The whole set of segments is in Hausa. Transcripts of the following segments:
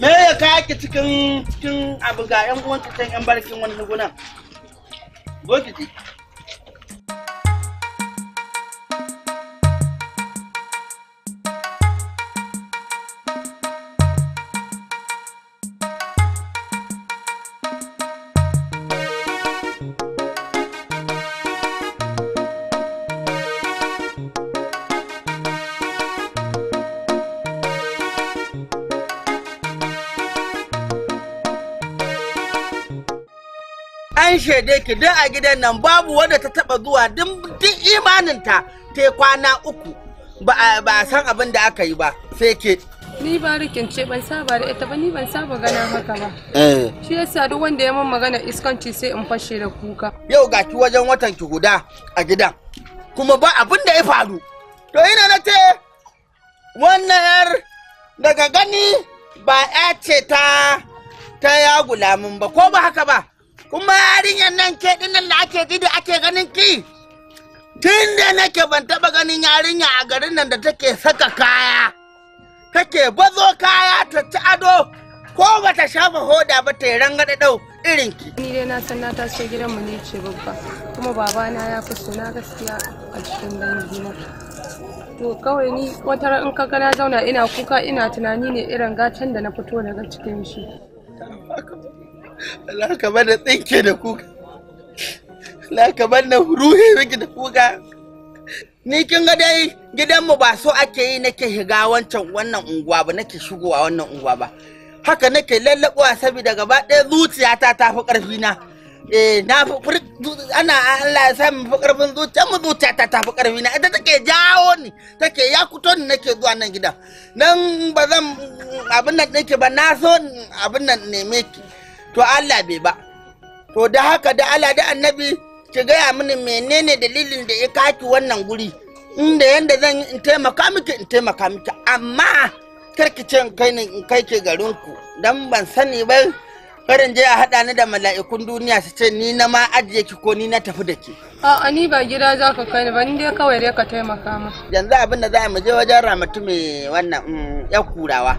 me ya ke cikin cikin abu ga yan uwanka cikin yan barkin wani gunan go ki an shaide ki duk a gidan nan babu wanda ta taba zuwa duk imaninta ta kwana uku ba a san abin da aka yi ba sai ke ni ba rikin ce ban saba da ita ba ni ban saba gana haka ba eh. shi yasa duk wanda ya man magana iskanci sai in fashe da kuka yau ga ki wajen watan ki guda a gidan kuma ba abin da ya faru to ina na ce wannan yar daga gani ba ya ce ta ta ya gulamin ba ko ba haka ba kuma yarinyar nan ke dinnan da ake ji ake ganin ki tun da nake ban taba ganin yarinya a garin nan da take saka kaya take bazo kaya ta ci ado ko ba ta shafa hoda ba ta yi rangada dau irin ki ni dai na san na taso gidanmu ne ce babba kuma babana ya fi suna gaskiya a cikin na to kawai ni wata ran in ka na zauna ina kuka ina tunani ne irin gatan da na fito daga cikin shi la kamar da tsinke da kuka la kamar na ruhe miki da kuka ni kin ga dai gidanmu ba so ake yi nake higa wancan wannan unguwa ba nake shigowa wannan unguwa ba haka nake lallaɓowa saboda gaba ɗaya zuciyata ta fi ƙarfi na eh na fi ana Allah ya sami fi ƙarfin zuciya mu zuciyata ta fi ƙarfi na ita take jawo ni take ya kuto ni nake zuwa nan gidan nan ba zan abin nan nake ba na so abin nan neme ki to Allah bai ba to da haka da Allah da annabi ki gaya mini menene dalilin da ya kaki wannan guri inda yanda zan yi in taimaka miki in taimaka miki amma karki ce kai ne in kai ke garinku dan ban sani ba barin je a haɗa ni da mala'ikun duniya su ce ni na ma ajiye ki ko ni na tafi da ke. A'a ni ba gida za ka kai ni ba ni dai kawai dai ka taimaka mu. Yanzu abin da za mu je wajen ramatu mai wannan yan mm, kurawa.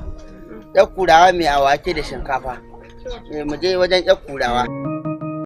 Yan kurawa mai awake da shinkafa. Eh, mu je wajen yan kurawa